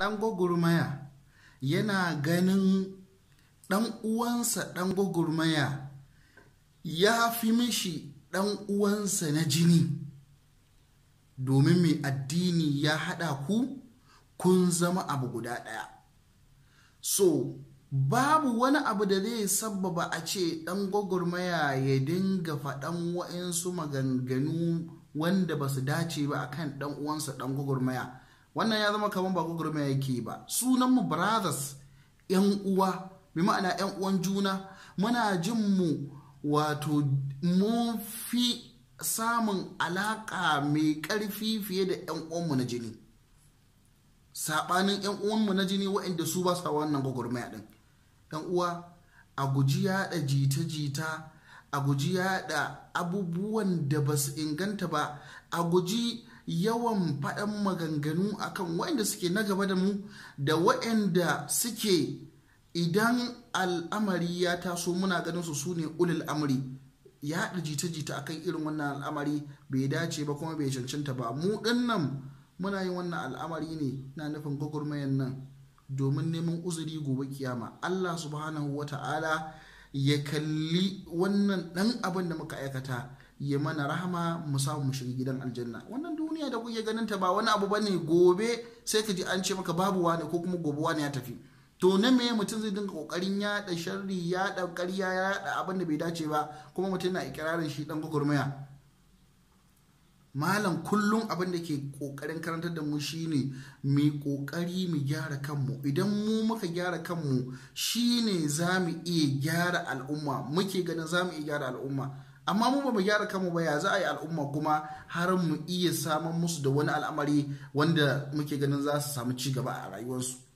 ɗan gwagwarmaya yana ganin ɗan uwansa ɗan gwagwarmaya ya fi mishi ɗan uwansa na jini domin mai addini ya haɗa ku kun zama abu guda ɗaya so babu wani abu da zai sababa a ce ɗan gwagwarmaya ya dinga faɗan wa'insu maganganu wanda ba su dace ba akan ɗan uwansa ɗan gwagwarmaya wannan ya zama kamar ba gwagwarmaya yake ba sunan mu brothers yan uwa bi ma'ana yan uwan juna muna jin mu wato mun fi samun alaka mai karfi fiye da yan uwanmu na jini sabanin yan uwanmu na jini waɗanda su ba sa wannan gwagwarmaya din yan uwa a guji yada jita-jita a guji yada abubuwan da ba su inganta ba a guji yawan faɗan maganganu akan waɗanda suke na gaba da mu da waɗanda suke idan al'amari ya taso muna ganin su su ne ulil amri ya haɗa jita-jita akan irin wannan al'amari bai dace ba kuma bai cancanta ba mu nan muna yin wannan al'amari ne na nufin gwagwarmayan nan domin neman uzuri gobe kiyama allah subhanahu wa ta'ala ya kalli wannan ɗan abin da muka aikata ya mana rahama mu samu mu shiga gidan aljanna wannan duniya da kuke ganin ta ba wani abu bane gobe sai ka ji an ce maka babu wani ko kuma gobe wani ya tafi to na me mutum zai dinga kokarin yada sharri yada ƙarya yada abin da bai dace ba kuma mutum na ikirarin shi dan gwagwarmaya malam kullum abin da ke kokarin karantar da mu shine mu kokari mu gyara kanmu idan mu muka gyara kanmu shine zamu mu iya gyara al'umma muke ganin zamu iya gyara al'umma amma mu ba mu gyara kanmu ba ya za a yi al'umma kuma har mu iya samun musu da wani al'amari wanda muke ganin za su samu ci gaba a rayuwarsu